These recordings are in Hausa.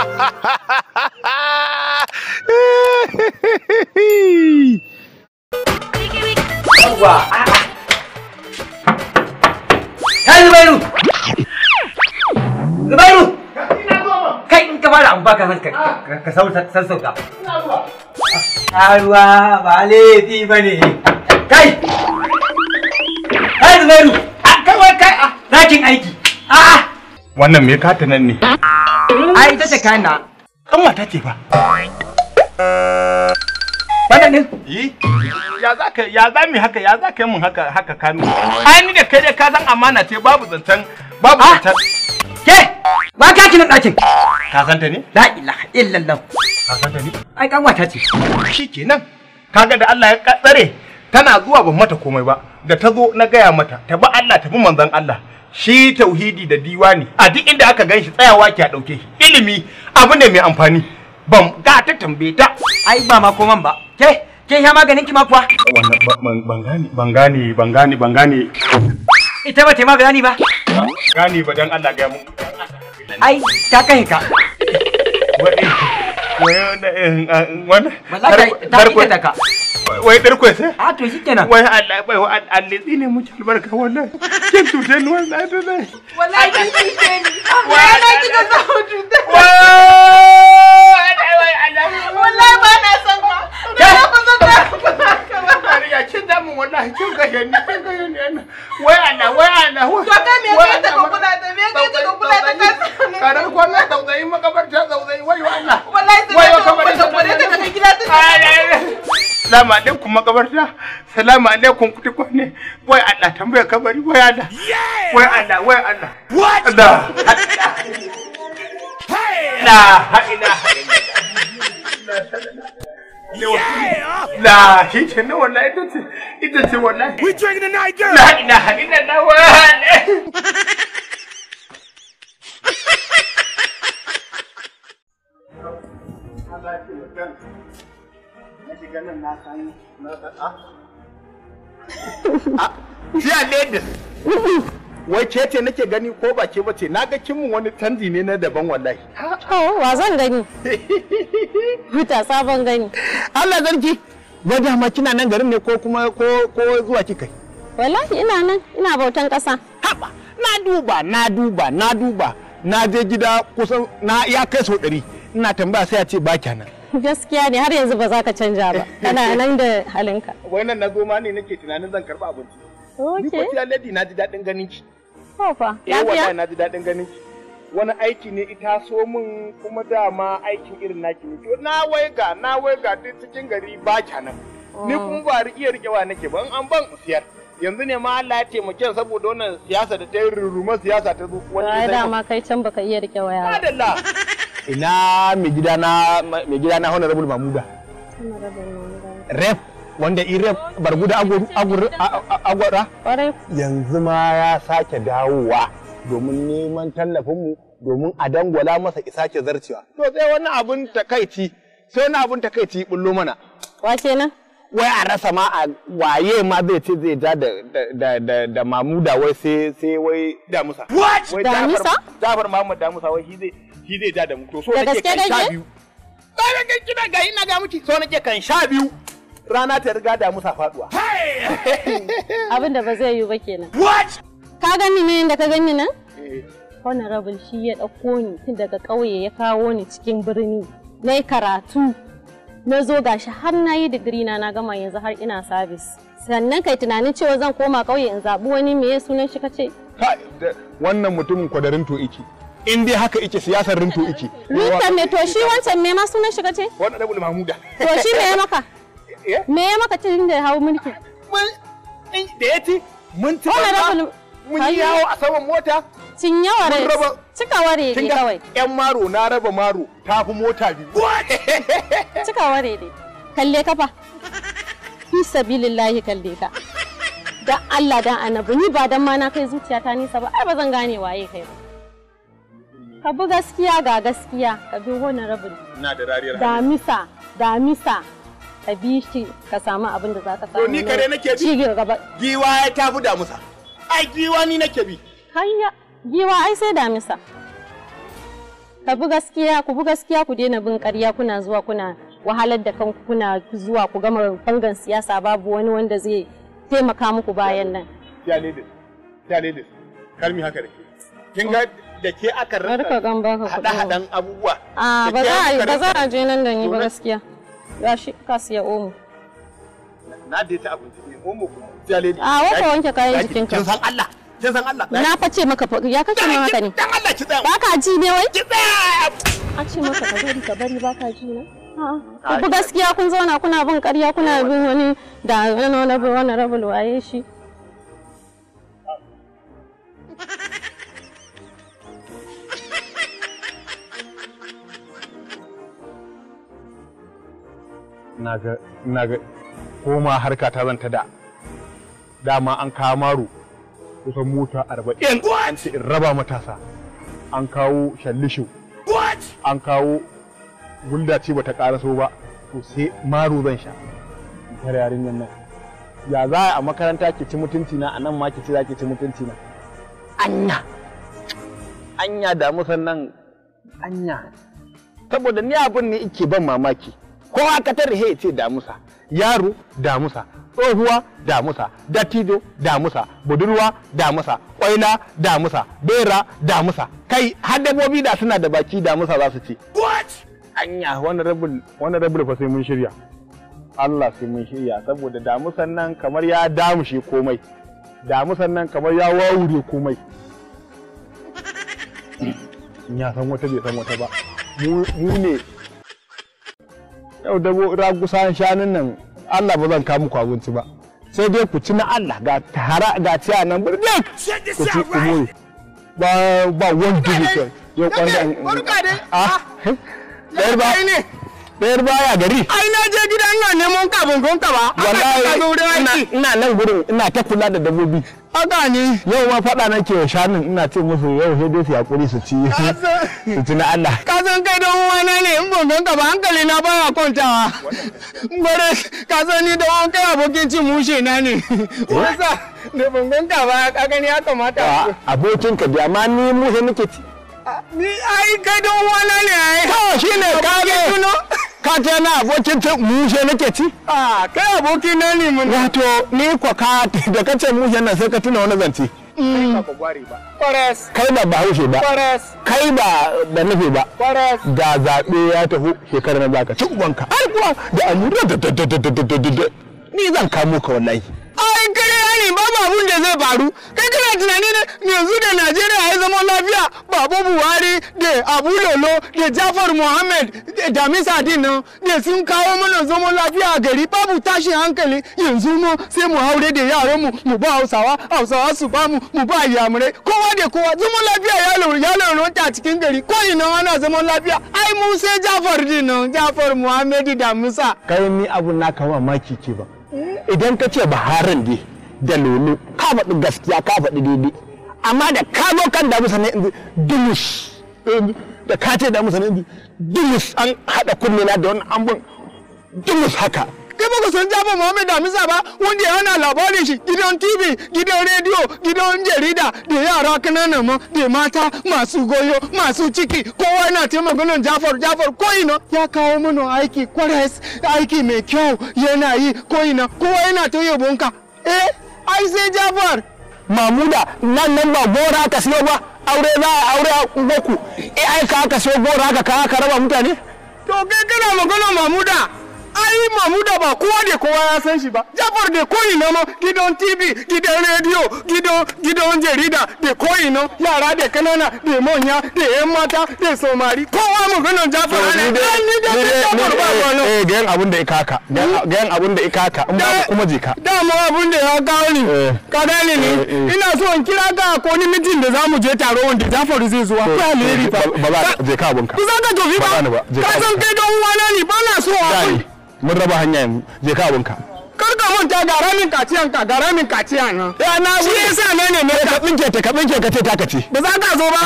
Zubairu! Kai in ka ka A ruwa ba laifi ba ne. Kai! Zubairu! Kai kai! Zakin aiki! Wannan me katanan ne? Ai ita ce kayan na. Kan mata ce fa. Wannan ne Yi. Eh, ya za ka ya za mi haka ya za ka yi mun haka haka kanu. Ai ni da kai dai ka san amana ce babu zantan babu ah! zantan. Ke ba ka kina dakin Ka san ta ne? La ilaha illallah. Ka san ta ne? Ai kan wata ce. Shikenan. Kaga da Allah ya tsare tana zuwa ban mata komai ba da ta zo na gaya mata ta bi Allah ta bi manzon Allah shi tauhidi da diwani a duk inda aka gan shi tsayawa ki a dauke shi ilimi abu ne mai amfani ban ga ta tambaye ta ai ba ma koman ba ke ke ya maganin ki ma kuwa wannan ban gane ban gane ban gane ban gane ita ba ta ma gani ba gani ba dan Allah ga mun ai ta kai ka wai wai wannan wannan ita ta ka wai dar kwese a to shikenan wai Allah wai Allah ne mu albarka wallahi kin tute ni wallahi ni wai Allah Salamu alaikum makabarta. Salamu alaikum kuti kwane. Wai Allah tambaya kabari wai Allah. Wai Allah wai Allah. What? Allah. La haina. La shi ce na wallahi ita ce ita ce wallahi. We drink the night girl. La haina haina na wallahi. Thank you. na na a ah. ah, ladies wai ke ce nake gani ko ba ke bace na ga kinmu wani canji ne na daban wallahi wa zan gani huta sabon gani Allah zarki ba dama kina nan garin ne ko kuma ko ko zuwa kika wallahi ina nan ina bautan kasa haba na duba na duba na duba na je gida kusan na ya kai sau ɗari ina tambaya sai a ce ba kyanan gaskiya ne har yanzu ba za ka canja ba kana nan da halinka wannan na zo ma ne nake tunanin zan karba abinci ni ko kila lady na ji dadin ganin ki ko fa eh, na ji dadin ganin ki wani aiki ne ita so min kuma dama aikin irin naki ne to na wai ga na wai ga duk cikin gari ba nan oh. ni kuma ba iya rikewa nake ba in an ban siyar yanzu ne ma Allah ya taimake saboda wannan siyasa da ta yi ruruma siyasa ta zo wani da ma kai can baka iya rike waya ba ina mai gida na mai gida na honorable mamuda rep wanda in rep barguda agwara yanzu ma ya sake dawowa domin neman tallafinmu domin a dangwala masa isa ke zarcewa to sai wani abun takaici sai wani abun takaici bullo mana wa kenan wai a rasa ma a waye ma zai ce zai ja da mamuda wai sai wai damusa what damusa jafar mahmud damusa wai shi zai shi zai ja da mu to so nake kan sha biyu bayan kan kina ga ina ga miki so nake kan sha biyu rana ta riga da musa faduwa abin da ba zai yi ba kenan what ka gani ne inda ka gani nan eh. honorable shi ya ɗauko ni tun daga ƙauye ya kawo ni cikin birni na yi karatu na zo gashi har na yi digiri na na gama yanzu har ina sabis sannan kai tunanin cewa zan koma ƙauye in zaɓi wani me sunan shi kace wannan mutumin kwadarin to iki in dai haka ike siyasar rinto ike rinton ne to shi wancan me ma sunan shiga ce wannan da bulma Mahmuda. to shi me ya maka eh? me ya maka tun da ya hawo mulki mun eh, da ya ci mun ci mun yawo a saman mota cin yawa rai cika ware ne kawai yan maro na raba maro ta fi mota biyu cika ware ne kalle kafa fi sabilillahi kalle ka dan Allah dan annabi ni ba dan ma na kai zuciya ta nisa ba ai ba zan gane waye kai ba Ka bi gaskiya ga gaskiya, ka bi wani rabin. Ina da rariyar Damisa, damisa. Ka bi shi ka samu abin da za ka samu. To ni kare nake bi? Cigir gaba. Giwa ya tafi damisa. Ai giwa ni nake bi. Hanya, giwa ai sai damisa. Ka bi gaskiya, ku bi gaskiya ku daina bin ƙarya kuna zuwa kuna wahalar da kanku kuna zuwa ku gama bangan siyasa babu wani wanda zai taimaka muku bayan nan. Ya da, ya da, kalmi haka da ke. Kin ga da ke aka hada hadan abubuwa. A ba za a je nan da ni ba gaskiya. Gashi ka siya omo. Na da ta abinci ne omo ku jale ne. A waka wanke kayan jikin ka san Allah. Kin san Allah. Na face maka ya kace mun haka ne. Dan Allah ki tsaya. baka ji ne wai? Ki tsaya. A ce maka ka bari ka bari baka ji ne. Ku gaskiya kun zauna kuna bin ƙarya kuna bin wani da wani wani rabul waye shi. ina ga koma harka ta zanta da dama an kawo Maru kusan mota arba'in an ce in raba matasa an kawo shallishu an kawo gulda ce bata karaso ba to sai maru zan sha tare yarinyar nan ya za a makaranta ki ci mutunci na a nan ma ki ci za ci mutunci na anya anya da musan nan anya saboda ni abin ne yake ban mamaki kowa ka tare he ce damusa yaro damusa tsohuwa damusa dattijo damusa budurwa damusa kwaila damusa bera damusa kai har dabbobi da suna da baki damusa za su ce anya wani rabin wani rabul fa sai mun shirya Allah sai mun shirya saboda damusan nan kamar ya damushe komai damusan nan kamar ya wawure komai ya san wata bai san wata ba mu ne yau da ragusan shanun nan Allah ba zan kawo muku abinci ba sai dai ku ci na Allah ga tara ga ci a nan birnin ku ci kuma ba ba wani dubu ke yau kwanan a ah, ah. ɗayar ba ɗayar ba ya gari ai na je gida ina neman kabin gonka ba wallahi ina nan gurin ina ta kula da dabobi Aga ne. Yau ma faɗa nake wa shanin ina ce musu yau sai dai su yaƙuri su ci su ci na Allah. Ka san kai don uwana ne in ban ganka ba hankali na baya kwantawa. Bare ka san ni don kai abokin cin mushe na ne. Wasa da ban ganka ba ka gani ya kamata. Ah, abokin ka biya ma ni mushe nake ci. Ah, ni ai kai don uwana ne ai. ha shi kwakata na abokin ta mushe nake ci? A kai aboki na ne mun. Wato ni kwaka da kace mushe nan sai ka tuna wani zance. Kai ba mm. bahaushe ba. Kai ba da nufi ba. Ga zaɓe ya tafi shekarar na zaka ci ubanka. Ai kuwa da da da da da da da da ni zan kamo ka wallahi. Ai kare ne ba abun da zai faru. Kai ana tunanin yanzu da najeriya ya zama lafiya babo buhari da abu lolo da jafar muhammad da damisa dinnan da sun kawo mana zama lafiya a gari babu tashin hankali yanzu mu sai mu haure da yaran mu mu ba hausawa hausawa su ba mu mu ba yamurai kowa da kowa zama lafiya ya lalurta a cikin gari ko ina ana zaman lafiya ai mu sai jafar dinnan jafar muhammad damisa kai ni abu na kawo maki ke ba idan ka ce baharin da lolo ka faɗi gaskiya ka faɗi daidai amma da ka zo kan damu sana yanzu dumus da ka ce damu sana yanzu dumus an haɗa kunne na da wani ambun dumus haka kai ku san muhammed Muhammad Damisa ba wanda ya hana labarin shi gidan TV gidan rediyo gidan jarida da yara kanana ma da mata masu goyo masu ciki kowa yana taimaka Jafar Jafar ko ina ya kawo mana aiki kwaras aiki mai kyau yana yi ko ina kowa yana ta yabonka eh ai sai jafar mamuda nan nan ba gora ka siyo ba aure za a aure goku eh ai ka ka siyo gora ka ka raba mutane to kai kana magana mamuda ai mamuda ba kowa ne kowa ya san shi ba jafar da koyi na ma gidan tv gidan rediyo gidan gidan jarida da koyi na yara da kanana da manya da yan mata da somari kowa mu maganar jafar ne ni da jafar ba ba no eh gayan abin da ya kaka gayan hmm? abin da ya kaka in ba kuma je ka da dama abin da ya kawo ni eh. ka gane ni eh, eh, ina so in kira ka ko ni mijin da zamu je taro wanda jafar zai zuwa ko alheri ba ba je ka abun ka kusa ka tofi ba ka san kai da uwana ne ba na so a mun raba hanya yanzu je ka abinka karka manta ga ramin kaciyan ka ga ramin kaciya na ya na shi yasa ne ne ne eh, ka binke ta ka binke ka ce ta kace ba za ka zo ba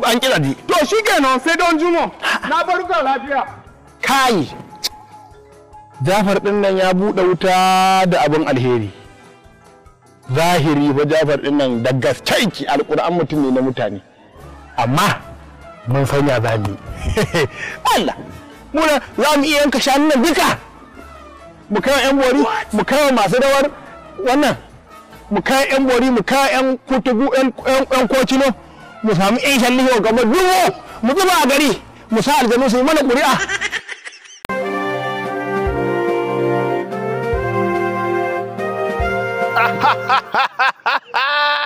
Ba an kira di to shikenan sai don jumo na barka lafiya kai Jafar din nan ya buɗe wuta da abin alheri zahiri ba Jafar din nan da gaskaiki alƙur'an mutum ne na mutane amma mun sanya za Allah muna za mu iya yanka nan duka mu kawo yan bori mu kawo masu dawar wannan mu kawo yan bori mu kawo yan kutubu yan kocino mu samu yan shalliho gaba duwo mu zuba a gari mu sa aljanu su yi mana ƙuri'a ha ha ha ha ha